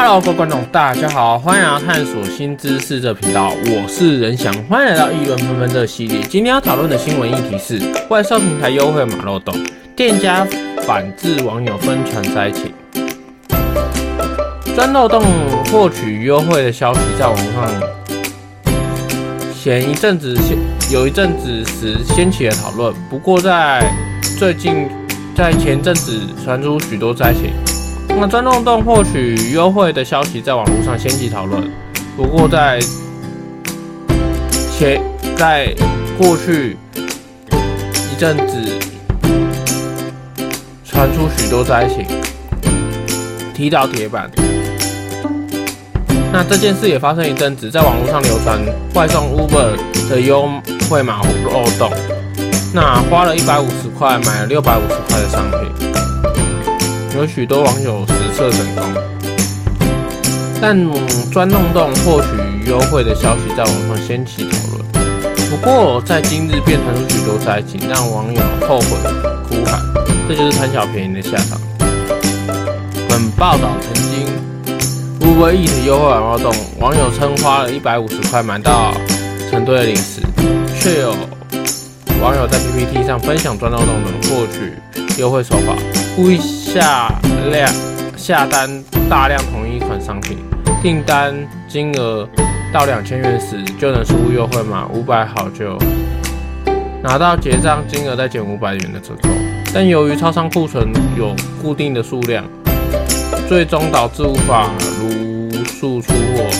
Hello，各位觀眾，大家好，歡迎來探索新知識這頻道，我是仁翔，歡迎來到議論紛紛這系列。今天要討論的新聞議題是：外送平台優惠碼漏洞，店家反制網友瘋傳災情，鑽漏洞獲取優惠的消息，在網上前一陣子先有一陣子時掀起了討論，不過在最近，在前陣子傳出許多災情。那鑽漏洞獲取優惠的消息在網絡上掀起討論，不過在前，在過去一陣子傳出許多災情，踢到鐵板。那這件事也發生一陣子，在網絡上流傳外送 Uber 的優惠碼有漏洞，那花了一百五十塊買了六百五十塊的商品。有許多網友實測成功，但鑽漏洞獲取優惠的消息在網上掀起討論。不過，在今日便傳出許多災情，讓網友後悔哭喊，這就是貪小便宜的下場。本報道曾經 Uber Eats 優惠碼漏洞，網友稱花了一百五十塊買到成堆的零食，卻有網友在 PPT 上分享鑽漏洞能獲取。優惠手法：故意下量，下單大量同一款商品，訂單金額到兩千元時就能輸入優惠碼五百，500好就拿到結賬金額再減五百元的折扣。但由於超商庫存有固定的數量，最終導致無法如數出貨，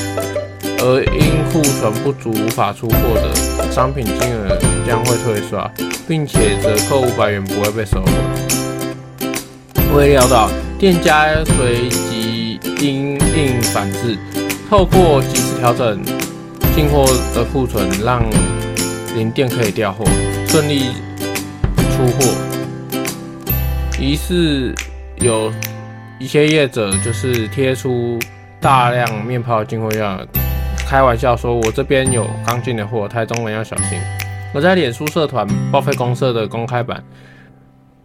而因庫存不足無法出貨的，商品金額將會退刷，並且折扣五百元不會被收回。我也料到店家隨即因應反制，透過及時調整進貨的庫存，讓零店可以調貨順利出貨。於是有一些業者就是貼出大量面泡進貨價。開玩笑說：“我這邊有剛進的貨，台中人要小心。”我在臉書社團“報廢公社”的公開版，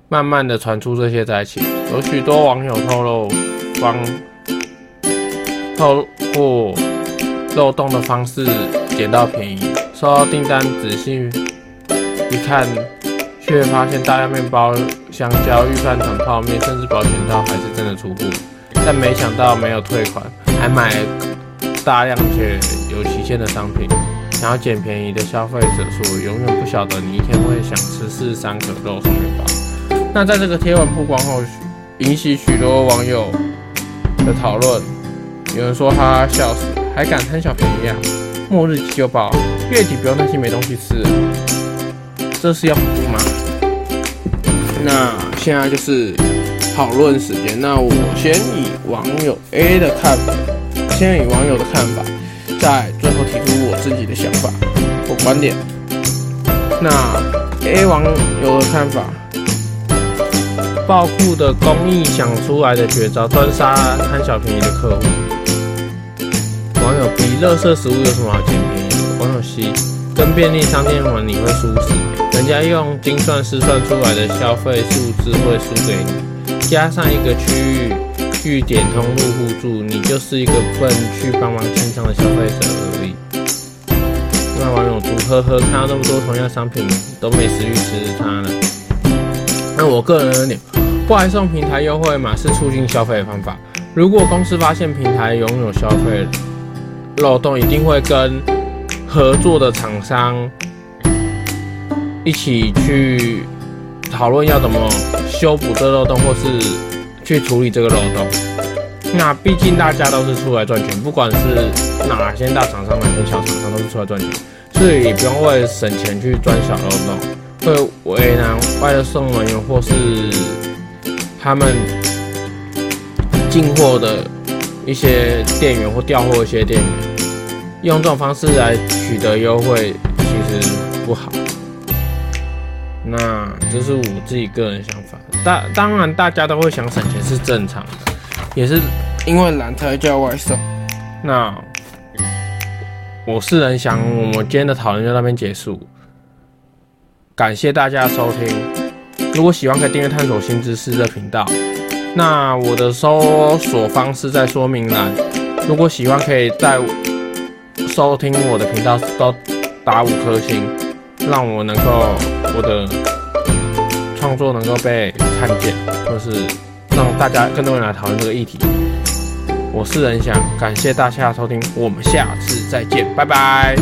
慢慢的傳出這些災情。有許多網友透露光，方透過漏洞的方式撿到便宜，收到訂單仔細一看，卻發現大量面包、香蕉、預拌粉、泡麵，甚至保險套還是真的出貨，但沒想到沒有退款，還買。大量且有期限的商品，想要撿便宜的消費者說，永遠不曉得你一天會想吃四十三個肉鬆面包。那在這個貼文曝光後，引起許多網友的討論。有人說：“他笑死，還敢貪小便宜啊？末日急救包，月底不用擔心沒東西吃，這是要恐怖嗎？”那現在就是討論時間，那我先以網友 A 的看法，先以網友的看法，再最後提出我自己的想法或觀點。那 A 網友的看法：爆富的工藝想出來的絕招，專殺貪小便宜的客戶。網友 B：垃圾食物有什麼好撿便宜？網友 C：跟便利商店玩你會輸死，人家用精算師算出來的消費數字會輸給你，加上一個區域。去點通入戶住，你就是一個笨去幫忙清倉的消費者而已。那網友豬呵呵，看到那麼多同樣的商品，都沒食慾吃它了。那我個人觀點，外送平台優惠碼是促進消費的方法。如果公司發現平台擁有消費漏洞，一定會跟合作的廠商一起去討論要怎麼修補這漏洞，或是。去處理這個漏洞，那畢竟大家都是出來賺錢，不管是哪些大廠商，哪些小廠商，都是出來賺錢，所以也不用為了省錢去鑽小漏洞，會為難外送人員或是他們進貨的一些店員或調貨一些店員，用這種方式來取得優惠，其實不好。那這是我自己個人想法，大，當然大家都會想省錢是正常的，也是因為懶才叫外送。那我是仁翔，我們今天的討論就到那邊結束，感謝大家收聽。如果喜歡可以訂閱探索新知識的頻道，那我的搜索方式在說明欄。如果喜歡可以在收聽我的頻道都打五顆星，讓我能夠。我的創作能夠被看見，就是讓大家更多人來討論這個議題。我是仁翔，感謝大家收聽，我們下次再見，拜拜。